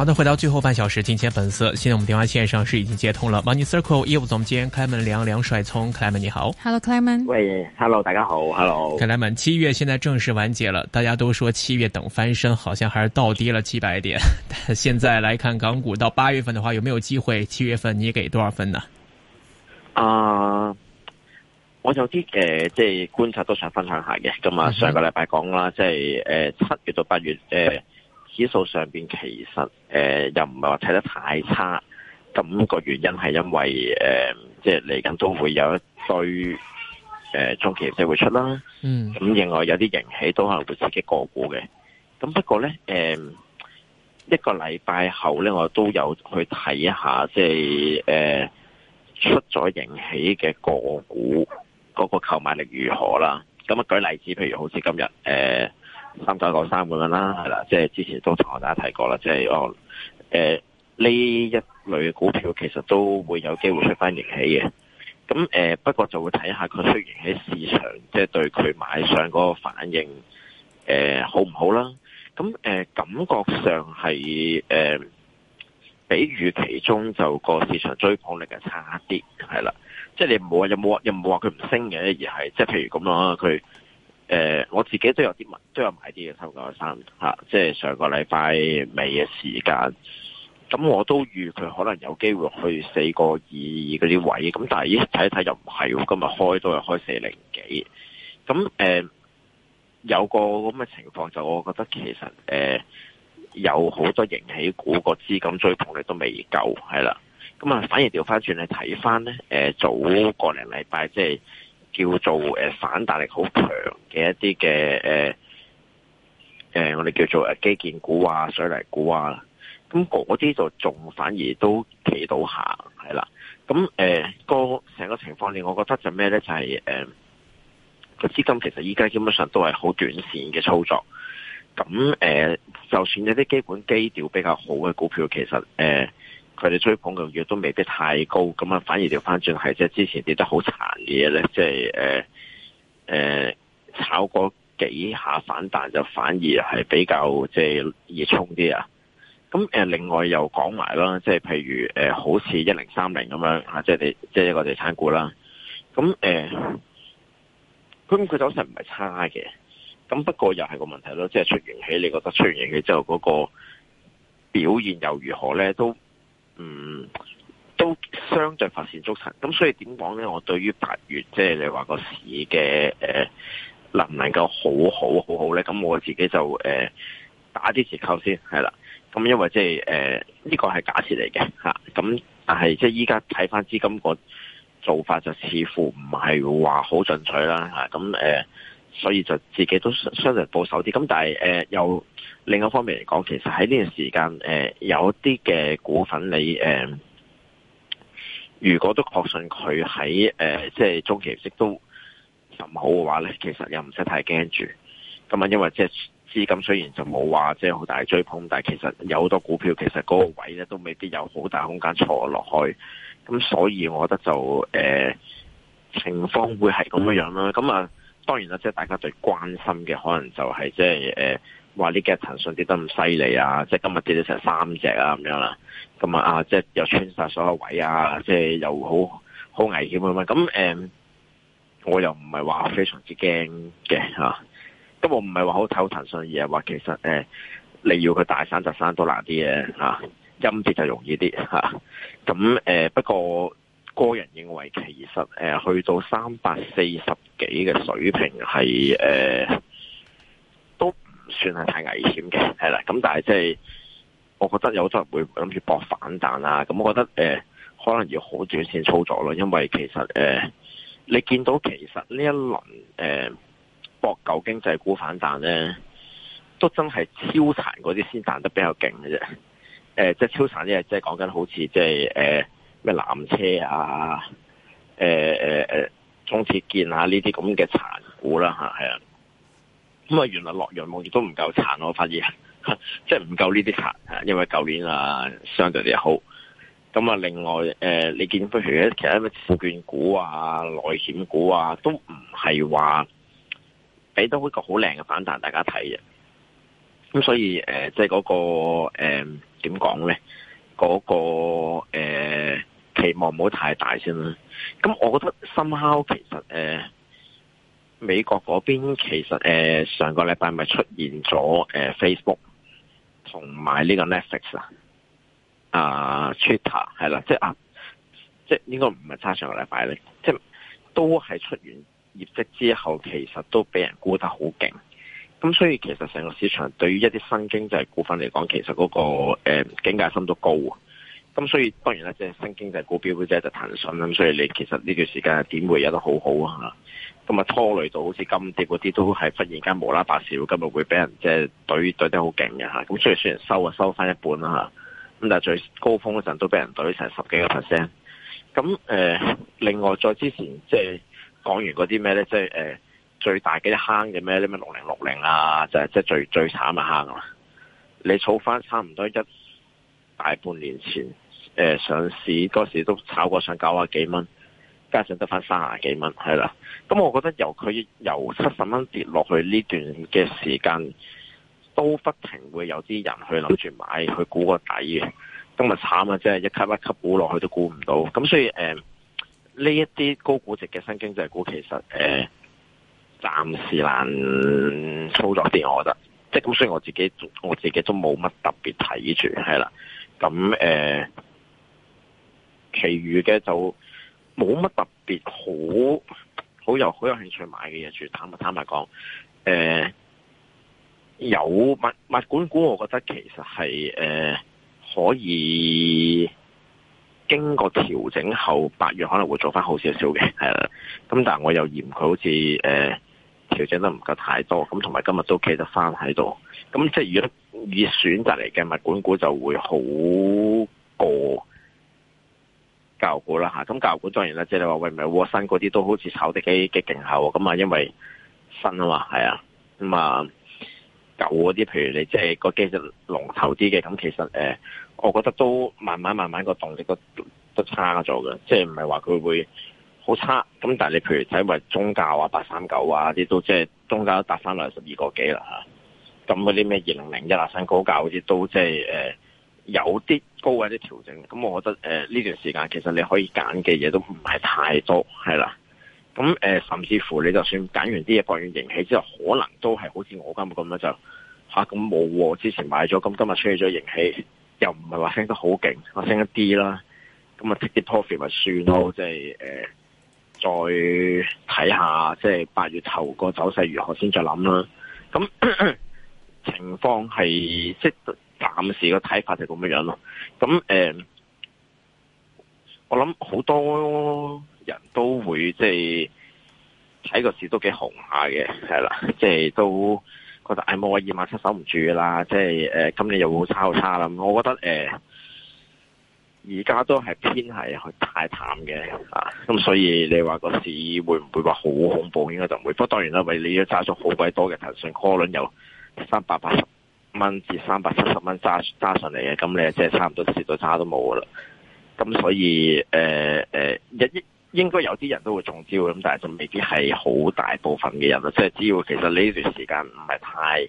好的，回到最後半小時金錢本色。現在我們電話線上是已經接通了。Money Circle 業務總監 Clement 梁梁帥聰，Clement 你好。Hello，Clement 喂，Hello，大家好，Hello。Clement 七月現在正式完結了。大家都說七月等翻身，好像還是倒跌了七百點。現在來看港股到八月份的話，有沒有機會？七月份你給多少分呢？啊，uh, 我有啲誒，即、呃、係、就是、觀察都想分享一下嘅。咁啊，上個禮拜講啦，即係誒七月到八月誒。呃 指數上邊其實誒、呃、又唔係話睇得太差，咁、那個原因係因為誒、呃、即係嚟緊都會有一堆誒、呃、中期嘅會出啦。嗯，咁另外有啲盈喜都可能會刺激個股嘅。咁不過咧，誒、呃、一個禮拜後咧，我都有去睇一下，即係誒、呃、出咗盈喜嘅、那個股嗰個購買力如何啦。咁啊，舉例子，譬如好似今日誒。呃三九九三個咁啦，係啦，即係之前都同大家提過啦，即係我誒呢一類嘅股票其實都會有機會出翻盈喜嘅。咁誒、呃、不過就會睇下佢出盈喜，市場，即係對佢買上嗰個反應誒、呃、好唔好啦。咁誒、呃、感覺上係誒、呃、比預期中就個市場追捧力係差啲，係啦，即係你唔好話有冇話又唔好話佢唔升嘅，而係即係譬如咁啦，佢。誒、呃，我自己都有啲買，都有買啲嘅收港嘅衫吓，即係上個禮拜尾嘅時間。咁我都預佢可能有機會去四個二嗰啲位，咁但係依睇一睇又唔係，今日開都係開四零幾。咁誒、呃、有個咁嘅情況，就我覺得其實誒、呃、有好多型起股、個資金追捧力都未夠，係啦。咁啊，反而調翻轉嚟睇翻咧，早個零禮拜即係，即係叫做誒、呃、反彈力好強嘅一啲嘅誒誒，我哋叫做誒基建股啊、水泥股啊，咁嗰啲就仲反而都企到下，係啦。咁誒個成個情況令我覺得就咩咧？就係誒個資金其實依家基本上都係好短線嘅操作。咁誒、呃，就算有啲基本基調比較好嘅股票，其實誒。呃佢哋追捧嘅嘢都未必太高，咁啊反而調翻轉係即係之前跌得好殘嘅嘢咧，即係誒誒炒過幾下反彈就反而係比較即係熱衷啲啊！咁、就、誒、是呃，另外又講埋啦，即、就、係、是、譬如誒、呃，好似一零三零咁樣啊，即係啲即係一個地產股啦，咁誒，咁、呃、佢走勢唔係差嘅，咁不過又係個問題咯，即、就、係、是、出現起你覺得出現起之後嗰個表現又如何咧？都嗯，都相對乏善足陳，咁所以點講咧？我對於八月即係、就是、你話個市嘅、呃、能唔能夠好好好好咧？咁我自己就誒、呃、打啲折扣先，係啦。咁因為即係誒呢個係假設嚟嘅嚇，咁、啊、但係即係依家睇返資金個做法就似乎唔係話好進取啦嚇，咁、啊、誒、啊，所以就自己都相對保守啲。咁但係誒、呃、又。另一方面嚟講，其實喺呢段時間，誒、呃，有啲嘅股份你，你、呃、誒，如果都確信佢喺誒，即係中期息都咁好嘅話咧，其實又唔使太驚住。咁、嗯、啊，因為即係資金雖然就冇話即係好大追捧，但係其實有好多股票其實嗰個位咧都未必有好大空間坐落去。咁、嗯、所以我覺得就誒、呃，情況會係咁樣樣啦。咁、嗯、啊，當然啦，即係大家最關心嘅可能就係、是、即係誒。呃話呢幾日騰訊跌得咁犀利啊！即係今日跌咗成三隻啊，咁樣啦，咁啊啊，即係又穿晒所有位啊，即係又好好危險啊嘛！咁誒、嗯，我又唔係話非常之驚嘅吓，咁、啊、我唔係話好睇好騰訊，而係話其實誒、嗯，你要佢大山就山都難啲嘅吓，陰、啊、跌就容易啲吓。咁、啊、誒、嗯嗯，不過個人認為，其實誒去到三百四十幾嘅水平係誒。嗯算係太危險嘅，係啦。咁但係即係，我覺得有啲人會諗住搏反彈啦、啊。咁我覺得誒、呃，可能要好短線操作咯。因為其實誒、呃，你見到其實呢一輪誒博舊經濟股反彈咧，都真係超殘嗰啲先彈得比較勁嘅啫。誒、呃，即係超殘啲，即係講緊好似即係誒咩纜車啊，誒誒誒，中鐵建啊呢啲咁嘅殘股啦嚇，係啊。咁啊，原來落陽望亦都唔夠殘，我發現，即係唔夠呢啲殘。因為舊年啊相對地好。咁啊，另外誒、呃，你見到其他其他附券股啊、內險股啊，都唔係話俾到一個好靚嘅反彈，大家睇嘅。咁所以誒，即係嗰個誒點講咧？嗰、呃嗰個、呃、期望唔好太大先啦。咁我覺得深烤其實誒。呃美國嗰邊其實誒、呃、上個禮拜咪出現咗誒、呃、Facebook 同埋呢個 Netflix 啊、啊 Twitter 係啦，即係啊即係應該唔係差上個禮拜咧，即係都係出完業績之後，其實都俾人沽得好勁。咁所以其實成個市場對於一啲新經濟股份嚟講，其實嗰、那個誒警戒心都高。咁所以當然啦，即係新經濟股票嘅啫，就騰訊咁，所以你其實呢段時間點會有得好好啊？咁啊拖累到好似金蝶嗰啲都係忽然間無啦啦，白事今日會俾人即係懟懟得好勁嘅吓，咁雖然雖然收啊收翻一半啦吓，咁但係最高峰嗰陣都俾人懟成十幾個 percent。咁誒、呃，另外再之前即係講完嗰啲咩咧，即係誒、呃、最大嘅一坑嘅咩咧，咩六零六零啊，就係即係最最慘嘅坑啦、啊。你儲翻差唔多一大半年前誒、呃、上市，嗰時都炒過上九啊幾蚊。加上得翻卅幾蚊，係啦。咁我覺得由佢由七十蚊跌落去呢段嘅時間，都不停會有啲人去諗住買，去估個底嘅。今日慘啊，即係一級一級估落去都估唔到。咁所以誒，呢一啲高估值嘅新經濟股其實誒、呃，暫時難操作啲，我覺得。即係咁，所以我自己我自己都冇乜特別睇住，係啦。咁誒、呃，其餘嘅就。冇乜特別好，好有好有興趣買嘅嘢。住坦白坦白講，誒、欸、有物物管股，我覺得其實係誒、欸、可以經過調整後，八月可能會做翻好少少嘅，係啦。咁但係我又嫌佢好似誒、欸、調整得唔夠太多，咁同埋今日都企得翻喺度，咁即係如果以選擇嚟嘅物管股就會好過教股啦吓，咁教股當然啦，即係你話，喂，唔係卧新嗰啲都好似炒得幾幾勁下喎，咁啊因為新啊嘛，係啊，咁啊舊嗰啲，譬如你即係個技術龍頭啲嘅，咁其實誒，我覺得都慢慢慢慢個動力都，都差咗嘅，即係唔係話佢會好差，咁但係你譬如睇埋中教啊，八三九啊啲都即係中教都達返兩十二個幾啦吓，咁嗰啲咩二零零一啊新高教嗰啲都即係誒。呃有啲高位啲調整，咁我覺得呃、呢段時間其實你可以揀嘅嘢都唔係太多，係啦。咁、呃、甚至乎你就算揀完啲嘢放完盈喜之後，可能都係好似我今日咁啦，就吓，咁、啊、冇、啊、之前買咗，咁今日出咗盈喜，又唔係話升得好勁，我升一啲啦。咁啊，take 啲 profit 咪算咯，即係、呃、再睇下，即係八月頭個走勢如何先再諗啦。咁情況係即。暫時個睇法就咁樣樣咯，咁誒、呃，我諗好多人都會即係睇個市都幾紅下嘅，係啦，即係都、就是、都覺得誒，冇、哎、啊，二萬七守唔住啦，即係誒、呃，今年又會很差好差啦。我覺得誒，而、呃、家都係偏係去太淡嘅啊，咁所以你話個市會唔會話好恐怖，應該就唔會，不過當然啦，為你都揸咗好鬼多嘅騰訊，call 輪有三百八十蚊至三百七十蚊揸揸上嚟嘅，咁你即係差唔多蝕到渣都冇噶啦。咁所以誒誒、呃，應應該有啲人都會中招咁，但係就未必係好大部分嘅人啊。即係只要其實呢段時間唔係太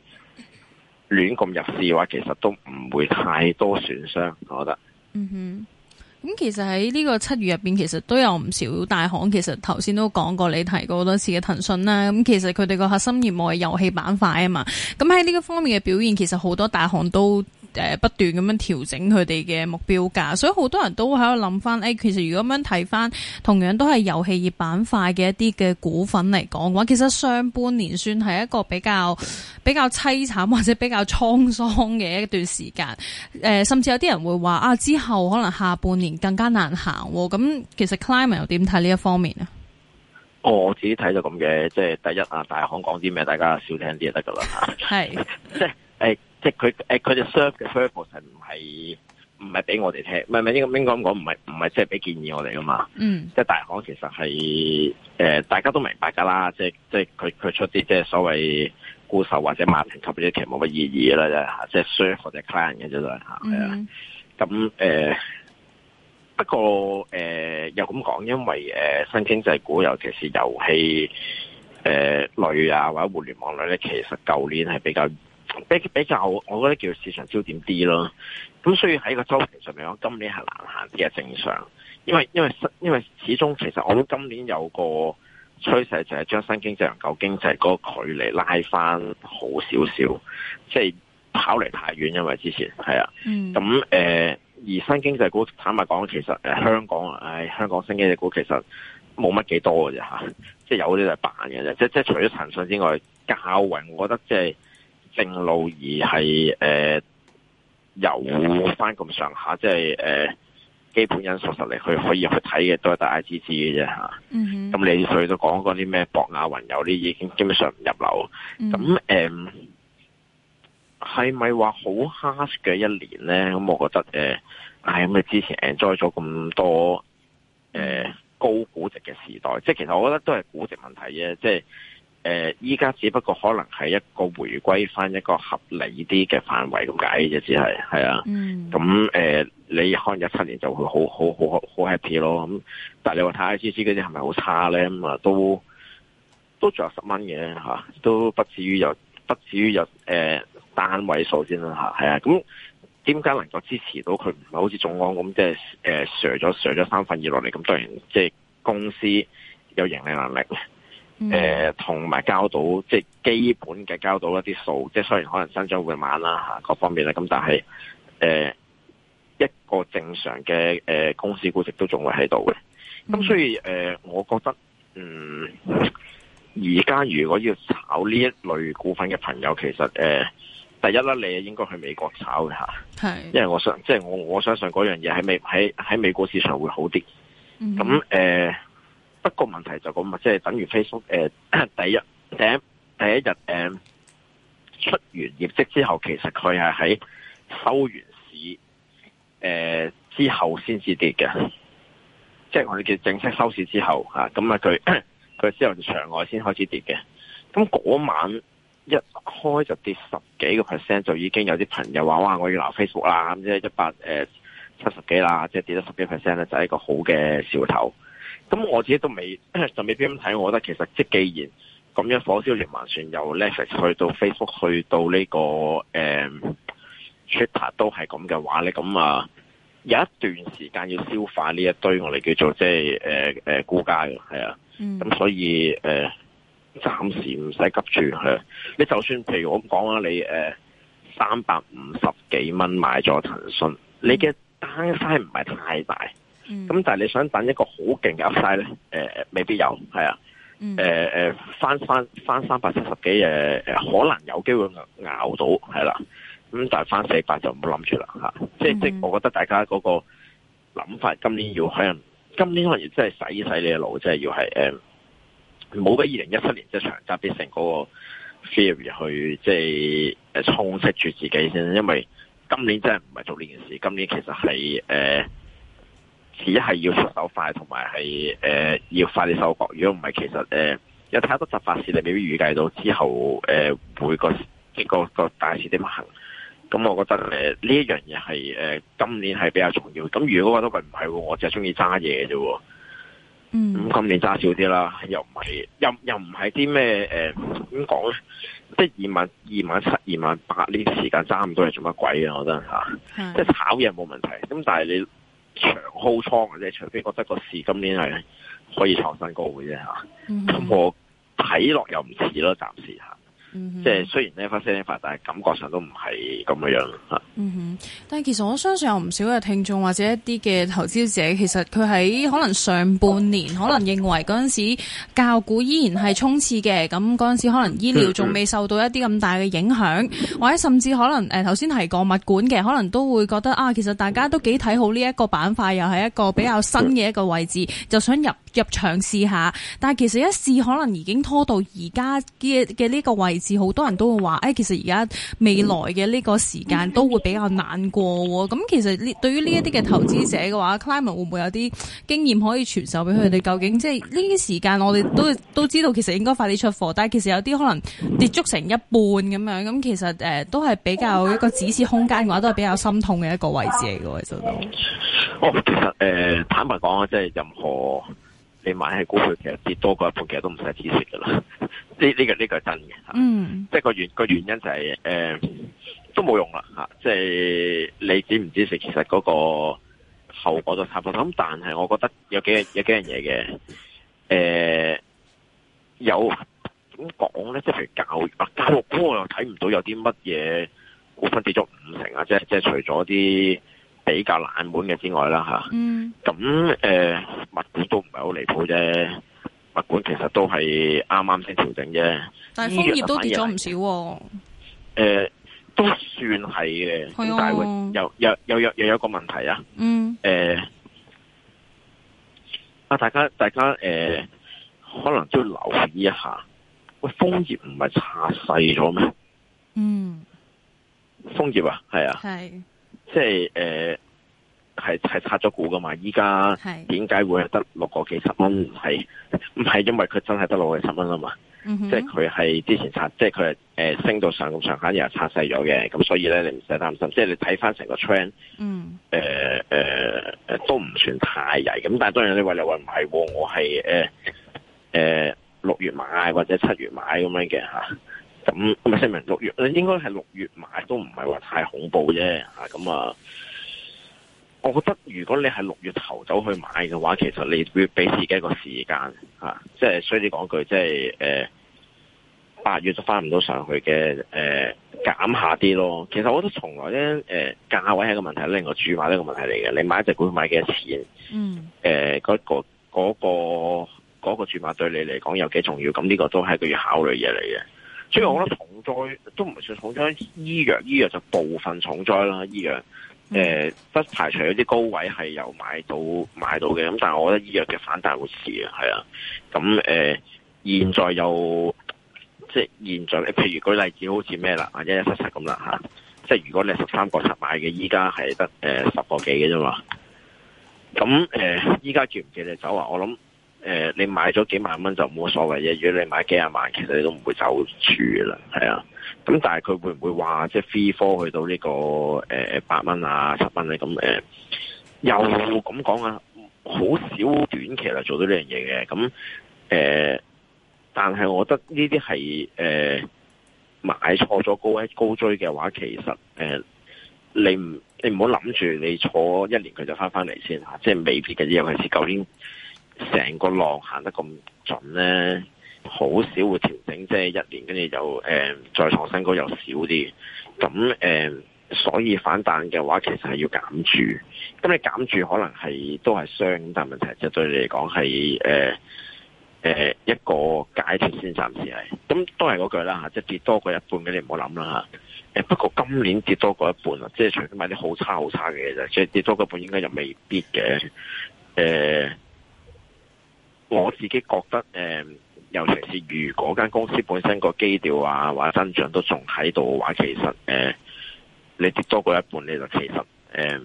亂咁入市嘅話，其實都唔會太多損傷，我覺得。嗯哼。咁其實喺呢個七月入面，其實都有唔少大行。其實頭先都講過，你提過好多次嘅騰訊啦。咁其實佢哋個核心業務係遊戲板塊啊嘛。咁喺呢個方面嘅表現，其實好多大行都，誒、呃，不斷咁樣調整佢哋嘅目標價，所以好多人都喺度諗翻。誒、欸，其實如果咁樣睇翻，同樣都係遊戲業板塊嘅一啲嘅股份嚟講嘅話，其實上半年算係一個比較比較淒慘或者比較滄桑嘅一段時間。誒、呃，甚至有啲人會話啊，之後可能下半年更加難行。咁、啊、其實 Climbing 又點睇呢一方面咧、哦？我自己睇咗咁嘅，即係第一啊，大行講啲咩，大家少聽啲就得噶啦。係 是、 欸，即係誒。即係佢誒，佢只 serve 嘅 service 唔係唔係俾我哋聽，唔係唔應該應該咁講，唔係唔係即係俾建議我哋噶嘛。嗯，即係大行其實係誒、呃，大家都明白噶啦，即係即係佢佢出啲即係所謂沽售或者買盤級別其實冇乜意義啦，即係 serve 或者 client 嘅啫啦吓。嗯。咁誒、呃，不過誒、呃、又咁講，因為誒、呃、新經濟股，尤其是遊戲誒類、呃、啊或者互聯網類咧，其實舊年係比較。比比較，我覺得叫市場焦點啲咯。咁所以喺個周期上面講，今年係難行嘅係正常。因為因為因為始終其實我諗今年有個趨勢就係將新經濟同舊經濟嗰個距離拉翻好少少，即係跑嚟太遠。因為之前係啊，咁誒、嗯呃，而新經濟股坦白講，其實誒、呃、香港，唉、哎、香港新經濟股其實冇乜幾多嘅啫吓，即係有啲就係扮嘅啫。即即係除咗騰訊之外，教育我覺得即、就、係、是。正路而係誒遊翻咁上下，即係誒基本因素實嚟，佢可以去睇嘅都係 IGG 嘅啫嚇。咁、mm hmm. 你隨到講嗰啲咩博雅雲遊啲，已經基本上唔入流。咁誒係咪話好 hard 嘅一年咧？咁我覺得誒，唉咁你之前 enjoy 咗咁多誒高估值嘅時代，即係其實我覺得都係估值問題啫，即係。誒，依家、呃、只不過可能係一個回歸翻一個合理啲嘅範圍咁解嘅啫，只係係啊。咁誒、mm. 嗯嗯，你可能一七年就會好好好好 happy 咯。咁、嗯、但係你話睇下 IGG 嗰啲係咪好差咧？咁、嗯、啊都都仲有十蚊嘅吓，都不至於有不至於有誒、呃、單位數先啦吓。係啊，咁點解能夠支持到佢唔係好似眾安咁即係誒瀉咗瀉咗三分二落嚟？咁當然即係公司有盈利能力。誒同埋交到即係基本嘅交到一啲數，即係雖然可能增長會慢啦嚇，各方面啦咁，但係誒、呃、一個正常嘅誒、呃、公司估值都仲會喺度嘅。咁所以誒、呃，我覺得嗯，而家如果要炒呢一類股份嘅朋友，其實誒、呃、第一啦，你應該去美國炒嘅嚇，是因為我相，即係我我相信嗰樣嘢喺美喺喺美國市場會好啲。咁誒。呃不過問題就咁啊，即係等於 Facebook 誒，第一第一第一日誒出完業績之後，其實佢係喺收完市誒之後先至跌嘅，即係我哋叫正式收市之後啊，咁啊佢佢之後場外先開始跌嘅。咁嗰晚一開就跌十幾個 percent，就已經有啲朋友話：哇！我要攞 Facebook 啦，咁即係一百誒七十幾啦，即係跌咗十幾 percent 咧，就係一個好嘅兆頭。咁我自己都未就未必咁睇，我覺得其實即，即既然咁樣火燒連環船，算由 Netflix 去到 Facebook 去到呢個誒、嗯、Twitter 都係咁嘅話咧，咁啊有一段時間要消化呢一堆我哋叫做即係誒誒估價嘅，係啊。咁、嗯、所以誒暫、呃、時唔使急住去、啊、你就算譬如我講啊，你誒三百五十幾蚊買咗騰訊，你嘅單嘅 size 唔係太大。咁、嗯、但係你想等一個好勁嘅 Upside 咧，誒、呃、未必有，係啊，誒、呃、誒翻翻翻三百七十幾，誒、呃、誒可能有機會咬，咬到，係啦。咁但係翻四百就唔好諗住啦吓。即係即係，我覺得大家嗰個諗法，今年要可能今年可能要真係洗一洗你嘅腦、即係呃，即係要係誒，冇俾二零一七年即係長揸必成嗰個 theory 去即係誒充塞住自己先，因為今年真係唔係做呢件事，今年其實係誒。呃只係要出手快，同埋係誒要快啲收腳。如果唔係，其實誒、呃、有太多執法事你未必預計到之後誒每、呃、個即係個個大市點行。咁、嗯、我覺得誒呢一樣嘢係誒今年係比較重要。咁如果話都唔係，我只係中意揸嘢啫。嗯，咁今年揸少啲啦，又唔係又又唔係啲咩誒？點講咧？即係二萬二萬七、二萬八呢啲時間揸咁多嘢做乜鬼啊？我覺得吓，啊、的即係炒嘢冇問題。咁但係你。長 hold 倉嘅啫，除非覺得個市今年係可以創新高嘅啫吓，咁、mm hmm. 我睇落又唔似咯，暫時吓。嗯、即係雖然呢發生啲事，但係感覺上都唔係咁嘅樣、嗯、但係其實我相信有唔少嘅聽眾或者一啲嘅投資者，其實佢喺可能上半年可能認為嗰陣時教股依然係衝刺嘅，咁嗰陣時可能醫療仲未受到一啲咁大嘅影響，嗯、哼或者甚至可能誒，頭、呃、先提過物管嘅，可能都會覺得啊，其實大家都幾睇好呢一個板塊，又係一個比較新嘅一個位置，嗯、哼就想入。入場試下，但係其實一試可能已經拖到而家嘅嘅呢個位置，好多人都會話，誒、哎，其實而家未來嘅呢個時間都會比較難過。咁、嗯、其實，對於呢一啲嘅投資者嘅話、嗯、Climate 會唔會有啲經驗可以傳授俾佢哋？嗯、究竟即係呢啲時間我哋，我哋都都知道其實應該快啲出貨，但係其實有啲可能跌足成一半咁樣，咁其實、呃、都係比較一個指示空間嘅話，都係比較心痛嘅一個位置嚟嘅、嗯嗯哦。其實，哦、呃，其實坦白講，即係任何。你買係股票，其實跌多過一半，其實都唔使止蝕噶啦。呢呢個呢個係真嘅。嗯，即係個原個原因就係、是、誒、呃，都冇用啦吓、啊。即係你止唔止蝕，其實嗰個後果都差唔多。咁但係我覺得有幾樣有幾樣嘢嘅誒，有點講咧，即係譬如教育啊，教育股我又睇唔到有啲乜嘢股份跌咗五成啊，即係即係除咗啲。比較冷門嘅之外啦吓，咁誒物管都唔係好離譜啫，物管其實都係啱啱先調整啫。但係楓葉都跌咗唔少，哦，誒、呃，都算係嘅，哦，但係又又又又有，有，有，有一個問題啊。嗯。誒，啊，大家大家誒、呃，可能都要留意一下，喂，楓葉唔係下細咗咩？嗯。楓葉啊，係啊。係。即係誒，係、呃、係拆咗股噶嘛，依家點解會係得六個幾十蚊，唔係唔係因為佢真係得六個幾十蚊啊嘛。嗯、哼即係佢係之前拆，即係佢係誒升到上咁上下又拆細咗嘅，咁所以咧你唔使擔心。即係你睇翻成個 trend，誒、呃、誒誒、呃，都唔算太曳咁。但係當然你話嚟，話唔係，我係誒誒六月買或者七月買咁樣嘅吓。咁咪，係清明六月，你應該係六月買都唔係話太恐怖啫嚇。咁啊，我覺得如果你係六月頭走去買嘅話，其實你會俾自己一個時間吓，即係衰啲講句，即係誒八月就翻唔到上去嘅誒減下啲咯。其實我覺得從來咧誒價位係一個問題，另外注碼一個問題嚟嘅。你買隻股票買幾多錢，嗯誒、呃嗰個、嗰個、嗰個注碼對你嚟講有幾重要？咁呢個都係一個要考慮嘢嚟嘅。所以，我覺得重災都唔算重災。醫藥，醫藥就部分重災啦。醫藥，誒、呃，不排除有啲高位係有買到買到嘅。咁，但係我覺得醫藥嘅反彈會遲啊，係啊。咁誒、呃，現在又即係現在，譬如舉例子好似咩啦，啊一一七七咁啦嚇。即係如果你係十三個七買嘅，依家係得誒十個幾嘅啫嘛。咁誒，依家住唔接你走啊？我諗。誒、呃，你買咗幾萬蚊就冇所謂嘅，如果你買幾廿萬，其實你都唔會走住噶啦，係、這個呃、啊。咁但係佢會唔會話即係飛科去到呢個誒八蚊啊十蚊咧？咁誒又咁講啊？好、呃、少短期嚟做到呢樣嘢嘅。咁、嗯、誒、呃，但係我覺得呢啲係誒買錯咗高高追嘅話，其實誒、呃、你唔你唔好諗住你坐一年佢就翻翻嚟先吓，即係未必嘅，尤其是舊年。成個浪行得咁準咧，好少會調整，即係一年跟住又、呃、再創新高又少啲，咁、呃、所以反彈嘅話，其實係要減住。咁你減住可能係都係雙但問題，就對你嚟講係誒一個解決先，暫時係。咁都係嗰句啦嚇，即係跌多過一半嘅你唔好諗啦嚇。誒不過今年跌多過一半啦，即係除咗買啲好差好差嘅嘢啫，即係跌多過半應該又未必嘅誒我自己覺得，誒，尤其是如果間公司本身個基調啊，或者增長都仲喺度嘅話，其實，誒、呃，你跌多過一半，你就其實，誒、呃，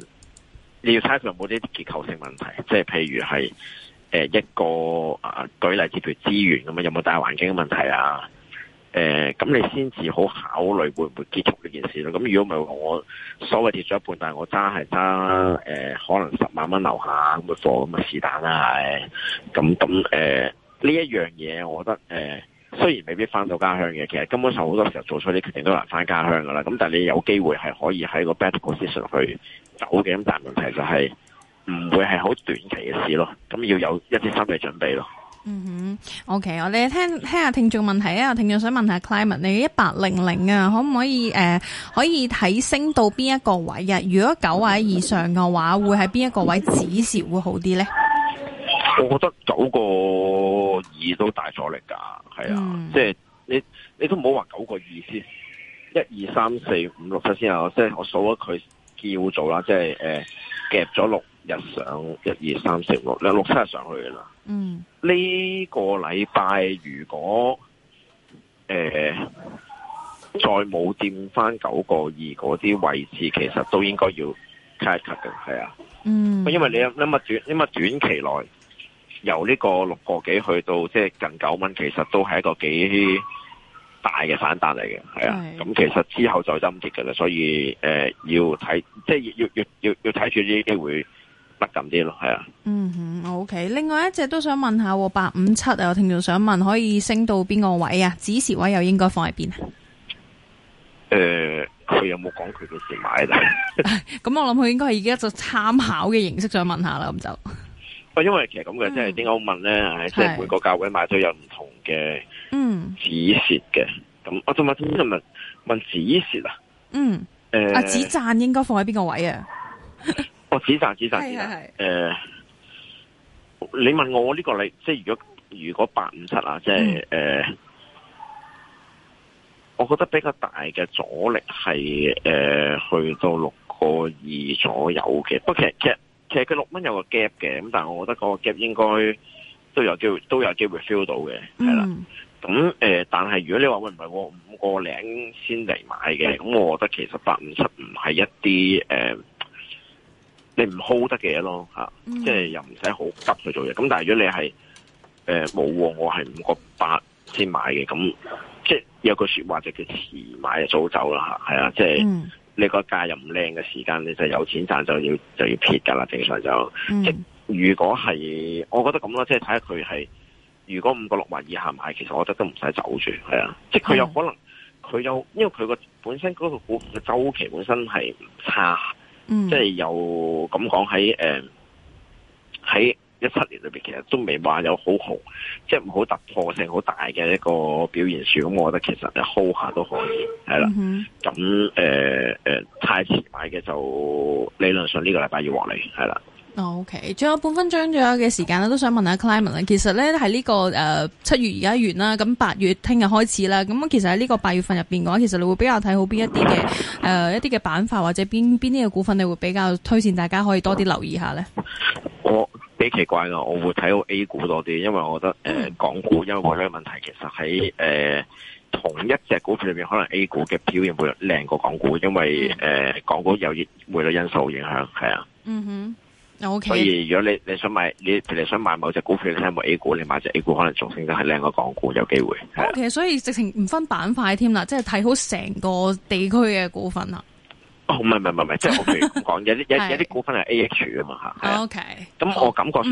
你要猜下有冇啲結構性問題，即係譬如係，誒，一個啊，舉例子譬如資源咁樣，有冇大環境嘅問題啊？誒，咁、呃、你先至好考慮會唔會結束呢件事囉。咁如果唔係我所謂跌咗一半，但係我揸係揸誒，可能十萬蚊樓下咁嘅貨咁啊是但啦係。咁咁誒，呢、哎呃、一樣嘢我覺得誒、呃，雖然未必翻到家鄉嘅，其實根本上好多時候做出啲決定都難翻家鄉噶啦。咁但係你有機會係可以喺個 better position 去走嘅。咁但係問題就係唔會係好短期嘅事咯。咁要有一啲心理準備咯。嗯哼，OK，我哋聽聽下聽眾問題啊！聽眾想問下 Climate，你一八零零啊，可唔可以誒、呃？可以睇升到邊一個位啊？如果九位以上嘅話，會喺邊一個位止蝕會好啲咧？我覺得九個二都大阻力噶，係啊、嗯，即係你你都唔好話九個二先，一二三四五六七先啊！即係我數咗佢叫做啦，即係誒夾咗六日上一二三四五六，兩六七日上去噶啦。嗯，呢個禮拜如果誒、呃、再冇跌翻九個二嗰啲位置，其實都應該要 cut 一 cut 嘅，係啊。嗯因想想，因為你你乜短短期內由呢個六個幾去到即係近九蚊，其實都係一個幾大嘅反彈嚟嘅，係啊。咁是、嗯、其實之後再斟酌噶啦，所以誒、呃、要睇，即係要要要要睇住呢啲機會。不咁啲咯，係啊。嗯哼，OK。另外一隻都想問下，八五七啊，有聽眾想問，可以升到邊個位啊？止蝕位又應該放喺邊、啊？誒、呃，佢有冇講佢到時買咧？咁、 啊、我諗佢應該係而家做參考嘅形式再問下啦，咁就。喂、啊、因為其實咁嘅，嗯、即係點解我問咧？即係每個價位買咗有唔同嘅，嗯，止蝕嘅。咁我仲埋想問，問止蝕啊？嗯。誒、呃，阿止賺應該放喺邊個位啊？ 指摘指摘指摘。誒、哦呃！你問我呢個你，即係如果如果八五七啊，嗯、即係誒、呃，我覺得比較大嘅阻力係誒、呃、去到六個二左右嘅。不過其實其實其實佢六蚊有個 gap 嘅，咁但係我覺得嗰個 gap 應該都有機會都有機會 feel 到嘅，係啦。咁誒、嗯嗯，但係如果你話喂唔係我五個零先嚟買嘅，咁的我覺得其實八五七唔係一啲誒。呃你唔 hold 得嘅嘢咯，吓，即係又唔使好急去做嘢。咁但係如果你係誒冇，我係五個八先買嘅，咁即係有句說話就叫遲買就早走啦，吓，係啊，即係、嗯、你個價又唔靚嘅時間，你就有錢賺就要就要撇噶啦，正常就。嗯、即如果係，我覺得咁咯，即係睇下佢係如果五個六萬以下買，其實我覺得都唔使走住，係啊。即係佢有可能佢的有，因為佢個本身嗰、嗰個股嘅周期本身係唔差。Mm hmm. 即係又咁講，喺誒、喺一七年裏邊，其實都未話有好紅，即係唔好突破性好大嘅一個表現。咁我覺得其實你 hold 下都可以，係啦。咁誒、誒，太遲買嘅就理論上呢個禮拜要獲利，係啦。OK 仲有半分鐘，左右嘅時間都想問下 Climate 其實呢，喺呢、呢個誒七、呃、月而家完啦，咁八月聽日開始啦。咁其實喺呢個八月份入面嘅話，其實你會比較睇好邊一啲嘅、 呃、一啲嘅板塊或者邊邊啲嘅股份，你會比較推薦大家可以多啲留意下呢？我幾奇怪噶，我會睇好 A 股多啲，因為我覺得、呃、港股因為匯率問題，其實喺、呃、同一隻股票入面，可能 A 股嘅表現會靚過港股，因為、呃、港股有匯率因素影響，係啊。嗯哼。Okay. 所以如果你你想買，你譬如想買某隻股票，你睇下冇 A 股，你買隻 A 股可能仲升得係靚過港股，有機會。O、okay, K，所以直情唔分板塊添啦，即係睇好成個地區嘅股份啦。哦，唔係唔係唔係，即係我譬如咁講，有啲有有啲股份係 A H 啊嘛吓。O K，咁我感覺上 Okay.、嗯。